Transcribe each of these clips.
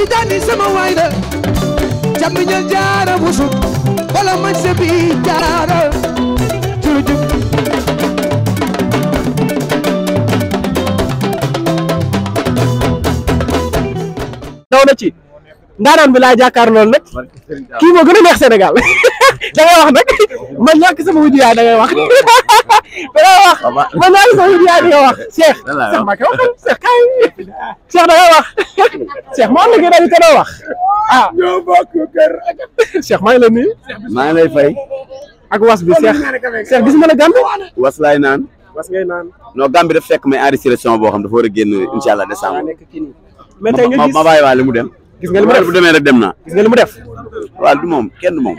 tijani sama waay la jambi ñal jaara busu wala man se bi jaara jurujub daw na ci ndaanaan bi laa jàkkaar lool nag kii gën a neex Sénégal da wax nag man ñàkk sama wuju yaay da ngay wax dana wax man maa ngi soxla Ndiaye di wax Cheikh Cheikh Mbacke waxal Cheikh kaay Cheikh da wax Cheikh moo daal di ko wax ah ñoo bokk kër Cheikh maa ngi lay nuyu. maa ngi lay fay. ak was bi Cheikh Cheikh gis nga ne Gambie. was laay naan. was ngay naan. non Gambie dafa fekk may enregistré boo xam dafa war a génn incha allah décembre. ma ma ma mu dem. gis nga li mu bu demee rek dem naa. gis nga li mu def. waaw du moom kenn moom.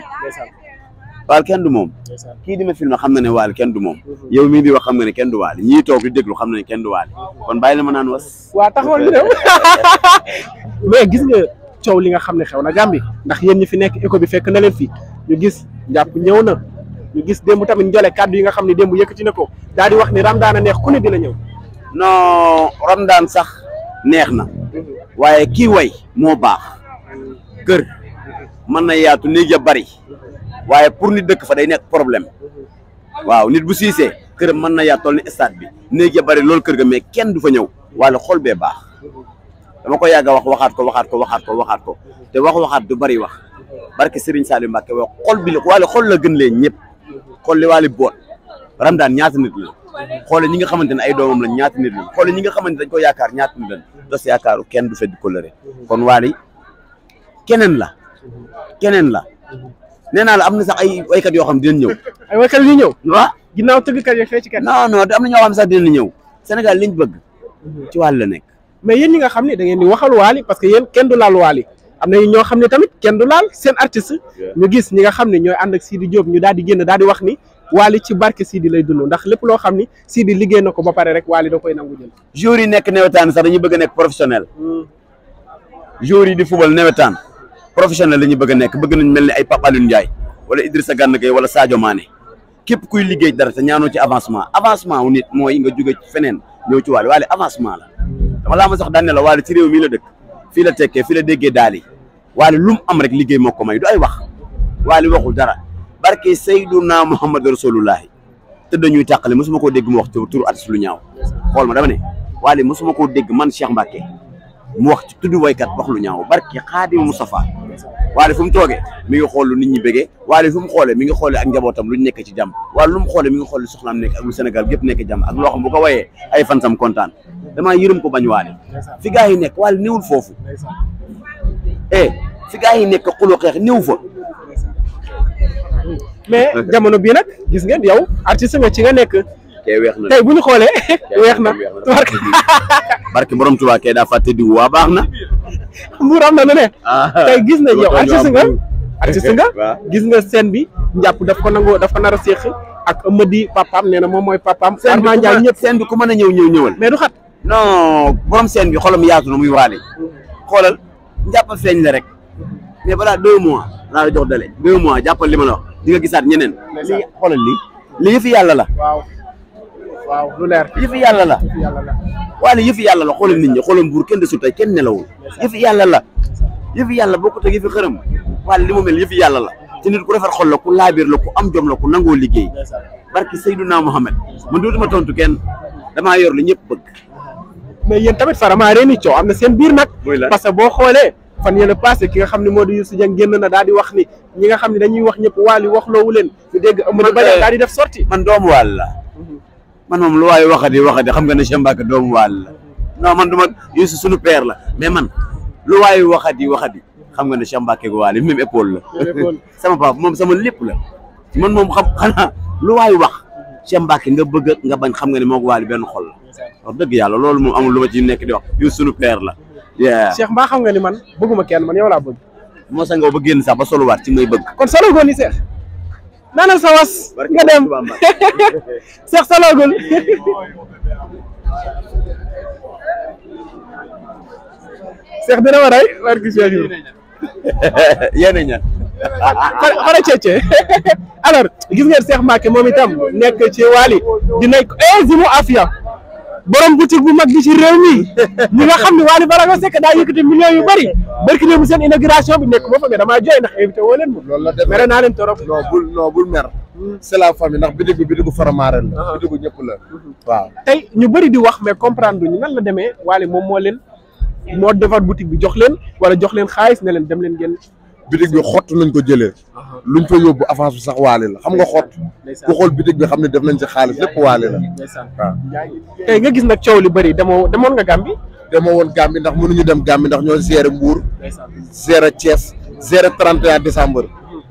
waal kenn du moom kii di ma filmé xam na ne waal kenn du moom mhm. yow mii di wax xam nga ne kenn du waali ñii toog di déglu xam na ne kenn du waali kon bàyyi la ma naan was waa taxawal ñu dem mais gis nga coow li nga xam ne xew na Gàmbi ndax yéen ñi fi nekk éco bi fekk na leen fii ñu gis jàpp ñëw na ñu gis démb tamit njole kàddu yi nga xam ne démb ci ne ko daal di wax ni ramdaan a neex ku ne dina ñëw non ramdaan sax neex na mhm. waaye kii way moo baax kër mhm. mën na yaatu néeg ya bari waaye pour nit dëkk fa day nekk problème waaw nit bu siisee kër mën na yaa toll ni stade bi néeg ya bari loolu kër ga mais kenn du fa ñëw wala xol bee baax dama ko yàgg a wax waxaat ko waxaat ko waxaat ko waxaat ko te wax waxaat du bari wax barke Serigne Saliou Mbacké wax xol bi la wala xol la gën leen ñëpp xol li wala boot Ramadane ñaata nit la xoole ñi nga xamante ne ay doomam la ñaata nit lañ xoole ñi nga xamante dañ ko yaakaar ñaata nit lañ dos yaakaaru kenn du feddi ko lëre kon waali keneen la la nee naa la am na sax ay waykat yoo xam dinañ ñëw. ay waykat yu ñëw. waaw ginnaaw tëggkat yi fee ci kat. non non am na ñoo xam sax dinañ ñëw Sénégal liñ bëgg. Mhm. ci wàll la nekk. mais yéen ñi nga xam ne da ngeen di waxal waali parce que yéen kenn du laal waali am na ñoo xam ne tamit kenn du laal seen artiste. ñu gis ñi nga xam ne ñooy ànd ak Sidi Diop ñu daal di génn daal di wax ni waali ci barke Sidi lay dund ndax lépp loo xam ni Sidi liggéey na ko ba pare rek waali da koy nangu jël. joueurs yi nekk nawetaan sax dañuy bëgg a nekk professionnel. Hmm. joueurs yi di fubal nawetaan professionnel la ñu bëgg a nekk bëgg nañ mel ni ay Pape Alioune jaay wala Idrissa Gana Gueye wala Sadio maane képp kuy liggéey dara te ñaanoo ci avancement avancement wu nit mooy nga jóge ci feneen ñëw ci waale waale avancement la dama laa ma sax daan la waale ci réew mii la dëkk fii la tekkee fii la déggee daal yi waale lu mu am rek liggéey moo ko may du ay wax waale waxul dara barke Seyduna Muhammad rasulullahi te dañuy tàqale mosuma koo dégg mu wax tur artiste lu ñaaw xool ma dama ne waale mosuma koo dégg man Cheikh Mbacké mu wax ci tudd waykat wax lu ñaaw barki mu Mustafa waale fu mu toogee mi ngi xool lu nit ñi bëggee waale fu mu xoolee mi ngi xoolee ak njabootam luñ nekk ci jàmm waale lu mu xoolee mi ngi xool soxnaam nekk ak lu Sénégal gépp nekk jàmm ak loo xam bu ko fan ay kontaan damaa yërëm ko bañ waale fi gaa yi nekk waale néewul foofu eh fi gaa yi nekk xuloo xeex néew fa mais jamono bii nag gis ngeen yow artiste nga ci nga nekk tey bu ñu xoolee weex na barke barke borom Tuubaa kay daa fàtte diw waa baax na mbuur am na lu ne ah. gis nañ yow artiste nga artiste nga gis nga seen bi njàpp daf ko nangoo daf ko nar a séq ak Amady papaam nee moom mooy papaam Armand Ndiaye ñëpp scène bi ku mën a ñëw ñëw ñëwal mais du xat non borom scène bi xolam yaatu na muy waale xoolal njàpp feeñ la rek mais balaa deux mois laa la jox dale deux mois jàppal li ma la gisaat ñeneen lii xoolal lii lii fi yàlla la waaw lu leer yëfi yàlla la waale yëfi yàlla la xoolal nit ñi xoolal buur kenn desul tey kenn nelawul yëfi yàlla la yëfi yàlla bokkut ak yëfi xërëm waale li mu mel yëfi yàlla la te nit ku defar xol la ku laabir la ku am jom la ku nangoo liggéey barki Seydunaa Muhammad man dootuma tontu kenn damaa yor li ñëpp bëgg mais yéen tamit vraiment reeni coow am na seen biir nag parce que boo xoolee fan yële passé ki nga xam ne moo di Youssou Dieng na daal di wax ni ñi nga xam ne dañuy wax ñëpp waali waxloowu leen ñu dégg ëmb eh, la mhm. man moom lu waaye waxati waxati xam nga ne Cheikh Mbacke doomu waal la non man du ma Youssou suñu père la mais man lu waaye waxati waxati xam nga ne Cheikh Mbacke gu waale même épaule la sama papa moom sama lépp la man moom xam xanaa lu waay wax Cheikh Mbacke nga bëgg nga bañ xam nga ne moo ko waale benn xol la wax dëgg yàlla loolu moom amul lu ma ci nekk di wax Youssou suñu père la Cheikh mbaa xam nga ni man bëgguma kenn man yow laa bëgg moo ba génn sax ba soluwaat ci may nana sa was nga dem seex saloogul seex dina ma rey barki Cheikh yéen a ña xara cece alors gis ngeen Cheikh Mbacké moom itam nekk ci Wali di nekk e zimu afia borom boutique bu mag bi ci réew mi ñi nga xam ne Wally Ballago Seck daa yëkkati millions yu bëri barki ne bu seen inauguration bi nekk moo fa mais damaa jooy ndax invité woo leen moom loolu la demee mere naa leen torop non bul non bul mer hmm. c'est la famille ndax bitig bi bitigu faramaaren la ah. hmm. waaw tey ñu bëri di wax mais comprendre duñu nan la demee waale moom moo leen moo defar boutique bi jox leen wala jox leen xaalis ne leen dem leen ngeen bitig bi xott lañ ko jëlee luñ fa yóbbu avance bi sax waale la xam nga xott ku xool bitig bi xam ne def nañ si xaalis lépp waale la waaw tey nga gis nag coow li bëri demoo demoon nga Gàmbi demoo woon Gàmbi ndax mënuñu dem Gàmbi ndax ñoo géré Mbour géré Thiès géré 31 décembre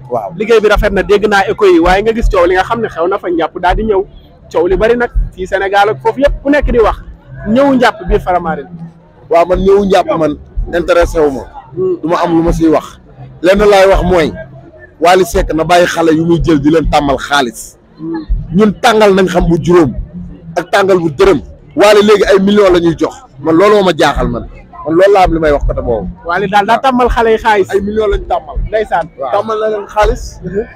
waaw liggéey bi na dégg naa écho nga gis coow li nga xam ne xew na fa njàpp daal di ñëw li bëri nag fii Sénégal ak foofu yëpp ku nekk di wax ñëwu njàpp biir Faramareen waaw man ñëwu njàpp man intéressé wu ma hmm. du ma am lu ma si wax lenn laay wax mooy Wally Seck na bàyyi xale yu muy jël di leen tàmmal xaalis ñun tàngal nañ xam bu juróom ak tàngal bu dërëm Wally léegi ay million la ñuy jox man looloo ma jaaxal man man loolu laa am li may wax ko boobu. Wally daal daa tàmmal xale yi xaalis ay millions lañu tàmmal. ndeysaan tàmmal na xaalis.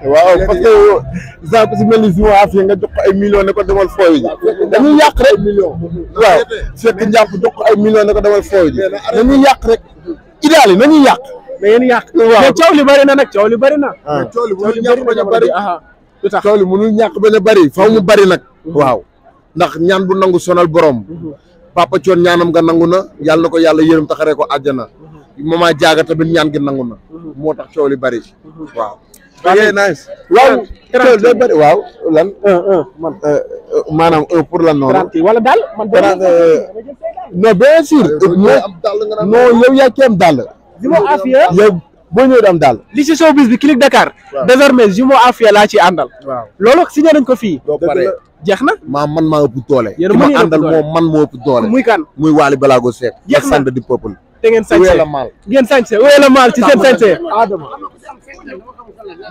waaw parce que genre ku si mel ni nga jox ko ay millions ne ko demal fooy ji. dañuy yàq rek millions. waaw fekk njàpp jox ko ay millions ne ko demal fooy ji. dañuy yàq rek. idaal yi nañuy yàq. mais yéen yàq. waaw mais coow li bëri na nag coow li bari na. Ah. mais coow li mënul ñàkk bañ a bëri lu tax coow li mënul ñàkk bañ bari bëri faw mu bëri nag. Mhm. waaw ndax ñaan bu nangu sonal borom. Mhm. papa coon ñaanam nga nangu na yàlla na ko yàlla yërëm taxaree ko àjjana. Mhm. mama jaaga tamit ñaan gi nangu na. moo tax coow li bari waaw. waaw nice waaw. waaw lan. man euh, euh, maanaam pour lan noonu. wala daal man. Euh, non bien sûr. non yow yaa ngi Jumo Afia yow boo ñëwee dam daal li ci showbiz bi Click Dakar désormais Jumo Afia laa ciy àndal waaw loolu signé nañ ko fii jeex na maa man maa ëpp doole ki ma àndal moo man moo ëpp muy kan muy Waly Balago Seck jeex na di peuple te ngeen sañse wéy la maal ngeen sañse wéy la maal ci seen sañse Adama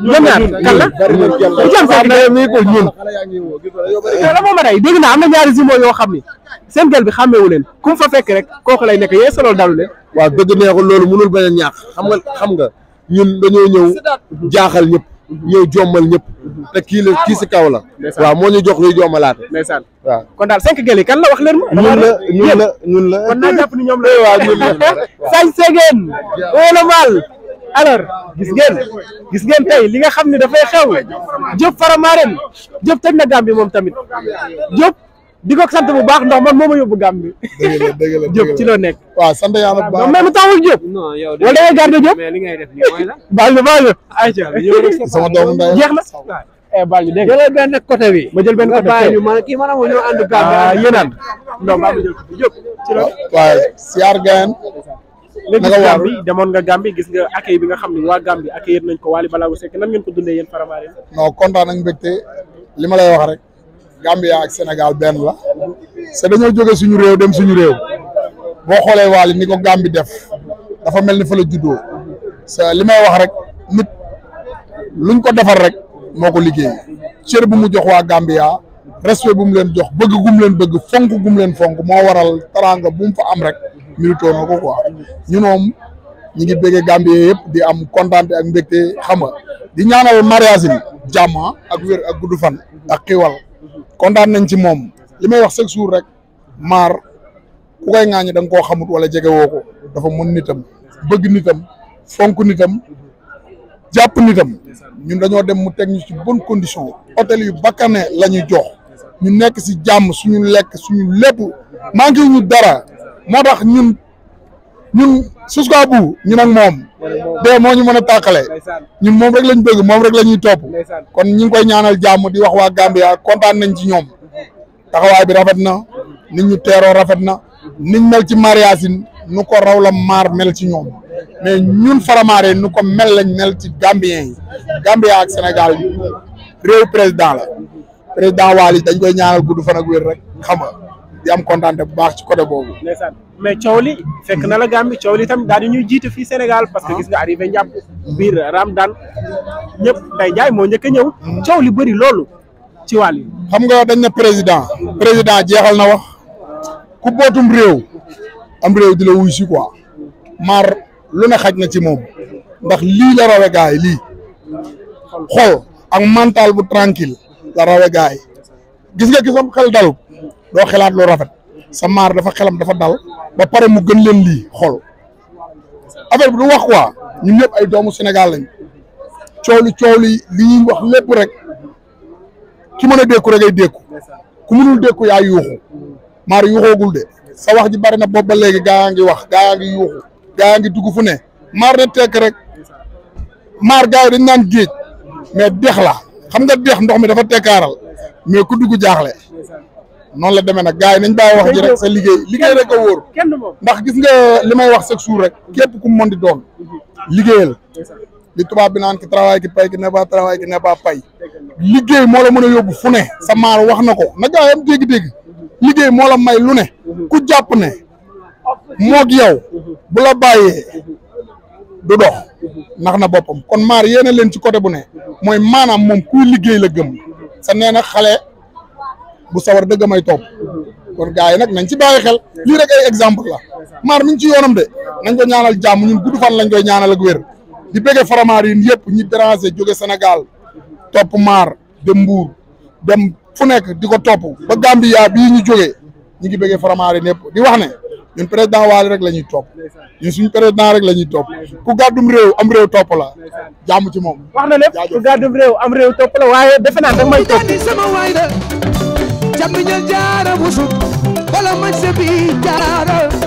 ñoom ñaar kan la Ousmane Seck na mi ko ñun la moo ma day dégg naa am na ñaari jumeaux yoo xam ni seen gel bi xàmmeewu leen ku mu fa fekk rek kooku lay nekk yee solool dalu leen waaw dëgg neexul loolu mënul bañ a ñaax xam nga xam nga ñun dañoo ñëw jaaxal ñëpp ñëw jommal ñëpp te kii la kii si kaw la waaw moo ñu jox luy jommalaat ndeysaan waaw kon daal cinq gel yi kan la wax leen ma ñun la ñun la ñun la kon naa jàpp ni ñoom la waaw ñun la sañ segeen wala mal alors gis ngeen gis ngeen tey li nga xam ne dafay xew Diop Faramareen Diop teg na Gambie moom tamit Diop di ko sant bu baax ndax man moo ma yóbbu Gambie. dëgg la dëgg la nekk. waaw sant yàlla bu baax non mais lu taxul Diop. wala da ngay garder Diop. mais li ngay def nii mooy la. baal na baal na. ayca sama doomu ndey jeex eh, ma jël benn côté bi ma kii ma ne ma ñëw ànd Gambie. Ah, yéen a. non maa ngi jël Diop ci la. waaw siyaar nga waaru nga demoon nga Gambie gis nga accueil bi nga xam ne waa Gambie accueillir nañ ko Wally Ballago Seck nan ngeen ko dundee yéen Faramareen. non kontaan ak mbégte li ma lay wax rek Gambia ak Sénégal benn la sa dañoo jóge suñu réew dem suñu réew boo xoolee Wally ni ko Gambie def dafa mel ni fa la juddoo sa li may wax rek nit luñ ko defar rek moo ko liggéey cër bu mu jox waa Gambia respect bu mu leen jox bëgg gum leen bëgg fonk gum leen fonk moo waral teraanga bu mu am rek. militoo na ko quoi ñu ñi ngi bëggee Gambie yëpp di am kontaan ak mbégte xam nga di ñaanal mariage bi jàmm ak wér ak gudd fan ak xiwal kontaan nañ ci moom li may wax chaque jour rek maar ku koy ŋaañi da nga koo xamut wala jege woo ko dafa mën nitam bëgg nitam fonk nitam jàpp nitam ñun dañoo dem mu teg ñu ci bonne condition hôtel yu bakkane la ñu jox ñu nekk si jàmm suñu lekk suñu lépp manqué ñu dara moo tax ñun ñun jusqu'à bout ñun ak moom dee moo ñu mën a tàqale ñun moom rek lañ bëgg moom rek la ñuy topp kon ñu ngi koy ñaanal jàmm di wax waa Gambia kontaan nañ ci ñoom taxawaay bi rafet na nit ñu teeroo rafet na niñ mel ci mariage yi nu ko raw la maar mel ci ñoom mais ñun faramaare nu ko mel lañ mel ci Gambien yi Gambia ak Sénégal réew président la président Wally dañ koy ñaanal gudd fan ak wér rek xam nga di am kontaan bu baax ci côté boobu. mais coow li fekk na la Gambie coow li tam daal ñuy jiite fii Sénégal. parce que ah. gis nga arrivé njàpp biir Ramadan ñëpp day jaay moo njëkk a ñëw. Hmm. coow li bëri loolu ci wàll yi. xam nga dañ na président. président jeexal na wax ku bootum réew. am réew di la wuy si quoi. maar lu ne xaj na ci moom. ndax lii la rawe gaay lii. xol ak mental bu tranquille la rawe gaay gis nga gisam xel dalu. doo xalaat lu rafet sa maar dafa xelam dafa dal ba pare mu gën leen lii xool affaire bi du wax quoi ñun ñëpp ay doomu senegal lañ coow li coow li li wax lépp rek ki mën a dékku rek ay dékku ku mënul dékku yaa yuuxu maar yuuxoogul de sa wax ji bari na boobu ba léegi gaa ngi wax gaa ngi yuuxu gaa ngi dugg fu ne maar na tekk rek maar gaa yi dañ naan géej mais dex la xam nga dex ndox mi dafa tekkaaral mais ku dugg jaaxle noonu la demee nag gars yi nañ bàyyi wax ji rek sa liggéey liggéey rek a wóor ndax gis nga li may wax chaque jour rek képp ku mën di doon liggéeyal di tubaab bi naan ki trawaay ki pay ki ne trawaay travail ki ne pay liggéey moo la mën a yóbbu fu ne sa maar wax na ko na gars yi am dégg-dégg liggéey moo la may lu ne ku jàpp ne moog yow bu la bàyyee du dox ndax na boppam kon maar yéena leen ci côté bu ne mooy maanaam moom kuy liggéey la gëm sa nee na xale bu sawar dëgg may topp kon gars yi nag nañ ci bàyyi xel lii rek exemple la maar mi ngi ci yoonam de nañ ko ñaanal jàmm ñun gudd fan lañ koy ñaanal ak wér di bëggee faramaar yi yëpp ñi déranger jóge Sénégal topp maar dem Mbuur dem fu nekk di ko topp ba Gambia bii ñu jógee ñu ngi bëggee faramaar yi yëpp di wax ne ñun président Wally rek la ñuy topp ñun suñu président rek la ñuy topp ku gàddum réew am réew topp la jàmm ci moom. wax na lépp ku gàddum réew am réew topp la waaye defe camiñal jaara busuk wala mañ se bi jaara